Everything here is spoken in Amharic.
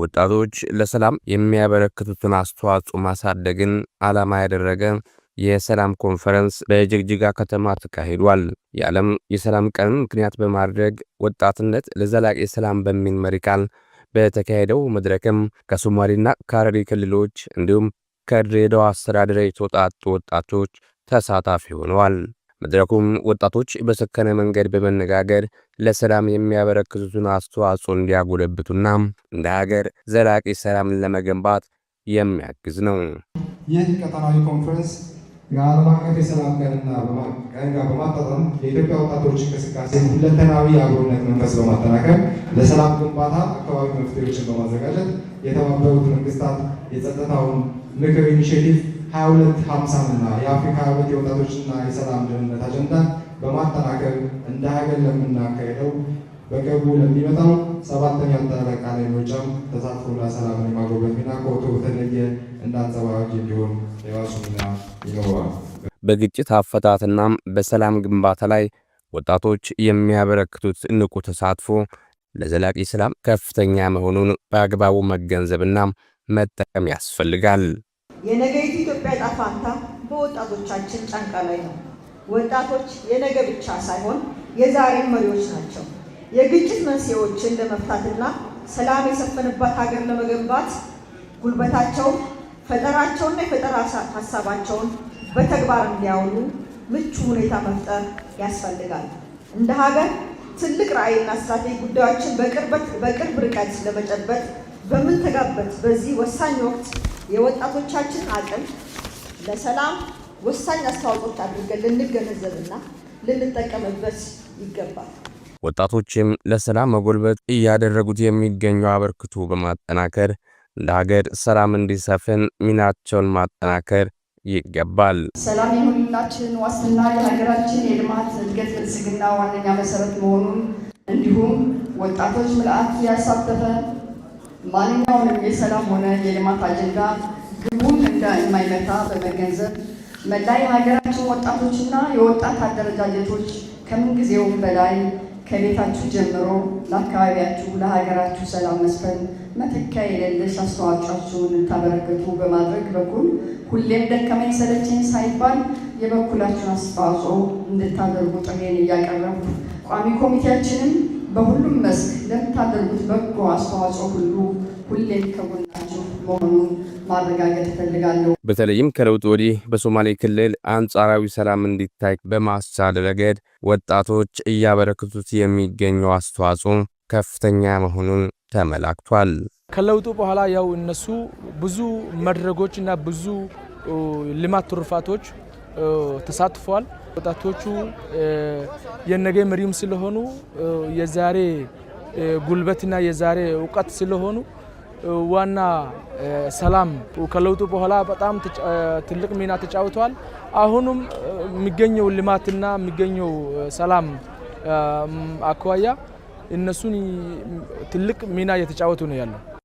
ወጣቶች ለሰላም የሚያበረክቱትን አስተዋጽኦ ማሳደግን ዓላማ ያደረገ የሰላም ኮንፈረንስ በጅግጅጋ ከተማ ተካሂዷል። የዓለም የሰላም ቀን ምክንያት በማድረግ ወጣትነት ለዘላቂ ሰላም በሚል መሪ ቃል በተካሄደው መድረክም ከሶማሌና ከሀረሪ ክልሎች እንዲሁም ከድሬዳዋ አስተዳደር የተውጣጡ ወጣቶች ተሳታፊ ሆነዋል። መድረኩም ወጣቶች በሰከነ መንገድ በመነጋገር ለሰላም የሚያበረክቱትን አስተዋጽኦ እንዲያጎለብቱና እንደ ሀገር ዘላቂ ሰላምን ለመገንባት የሚያግዝ ነው። ይህ ቀጠናዊ ኮንፈረንስ የአርባ አቀፍ የሰላም ቀንና ቀን ጋር በማጣጣም የኢትዮጵያ ወጣቶች እንቅስቃሴ ሁለንተናዊ የአብሮነት መንፈስ በማጠናከር ለሰላም ግንባታ አካባቢ መፍትሄዎችን በማዘጋጀት የተባበሩት መንግስታት የጸጥታውን ምክር ኢኒሽቲቭ 22 50 የአፍሪካ ህብረት የወጣቶችና የሰላም ደህንነት አጀንዳ በማጠናከር እንደ ሀገር ለምናካሄደው በቅርቡ ለሚመጣው ሰባተኛ አጠቃላይ ምርጫም ተሳትፎና ሰላምን የማጎልበት ሚና ከወትሮ በተለየ እንዳንጸባራቂ እንዲሆን የራሱ ሚና ይኖረዋል። በግጭት አፈታትና በሰላም ግንባታ ላይ ወጣቶች የሚያበረክቱት ንቁ ተሳትፎ ለዘላቂ ሰላም ከፍተኛ መሆኑን በአግባቡ መገንዘብና መጠቀም ያስፈልጋል። የነገይቱ ኢትዮጵያ ዕጣ ፈንታ በወጣቶቻችን ጫንቃ ላይ ነው። ወጣቶች የነገ ብቻ ሳይሆን የዛሬን መሪዎች ናቸው። የግጭት መንስኤዎችን ለመፍታትና ሰላም የሰፈንባት ሀገር ለመገንባት ጉልበታቸውን፣ ፈጠራቸውና የፈጠራ ሀሳባቸውን በተግባር እንዲያውሉ ምቹ ሁኔታ መፍጠር ያስፈልጋል። እንደ ሀገር ትልቅ ራዕይና ስትራቴጂ ጉዳዮችን በቅርብ ርቀት ለመጨበጥ በምንተጋበት በዚህ ወሳኝ ወቅት የወጣቶቻችን አቅም ለሰላም ወሳኝ አስተዋጽኦች አድርገን ልንገነዘብና ልንጠቀምበት ይገባል። ወጣቶችም ለሰላም መጎልበት እያደረጉት የሚገኙ አበርክቶ በማጠናከር ለሀገር ሰላም እንዲሰፍን ሚናቸውን ማጠናከር ይገባል። ሰላም የሁላችን ዋስትና፣ የሀገራችን የልማት እድገት ብልጽግና ዋነኛ መሰረት መሆኑን እንዲሁም ወጣቶች ምልአት ያሳተፈ ማንኛውንም የሰላም ሆነ የልማት አጀንዳ ግቡን የማይመታ በመገንዘብ መላ የሀገራችን ወጣቶችና የወጣት አደረጃጀቶች ከምንጊዜውም በላይ ከቤታችሁ ጀምሮ ለአካባቢያችሁ፣ ለሀገራችሁ ሰላም መስፈን መተኪያ የሌለሽ አስተዋጽኦአችሁን እንድታበረክቱ በማድረግ በኩል ሁሌም ደከመኝ ሰለቸኝ ሳይባል የበኩላችሁን አስተዋጽኦ እንድታደርጉ ጥሬን እያቀረቡ ቋሚ ኮሚቴያችንም በሁሉም መስክ ለምታደርጉት በጎ አስተዋጽኦ ሁሉ ሁሌ ከጎናችሁ መሆኑን ማረጋገጥ እፈልጋለሁ። በተለይም ከለውጥ ወዲህ በሶማሌ ክልል አንጻራዊ ሰላም እንዲታይ በማስቻል ረገድ ወጣቶች እያበረከቱት የሚገኘው አስተዋጽኦ ከፍተኛ መሆኑን ተመላክቷል። ከለውጡ በኋላ ያው እነሱ ብዙ መድረጎች እና ብዙ ልማት ትሩፋቶች ተሳትፏል። ወጣቶቹ የነገ መሪም ስለሆኑ የዛሬ ጉልበትና የዛሬ እውቀት ስለሆኑ ዋና ሰላም ከለውጡ በኋላ በጣም ትልቅ ሚና ተጫውተዋል። አሁንም የሚገኘው ልማትና የሚገኘው ሰላም አኳያ እነሱን ትልቅ ሚና እየተጫወቱ ነው ያለው።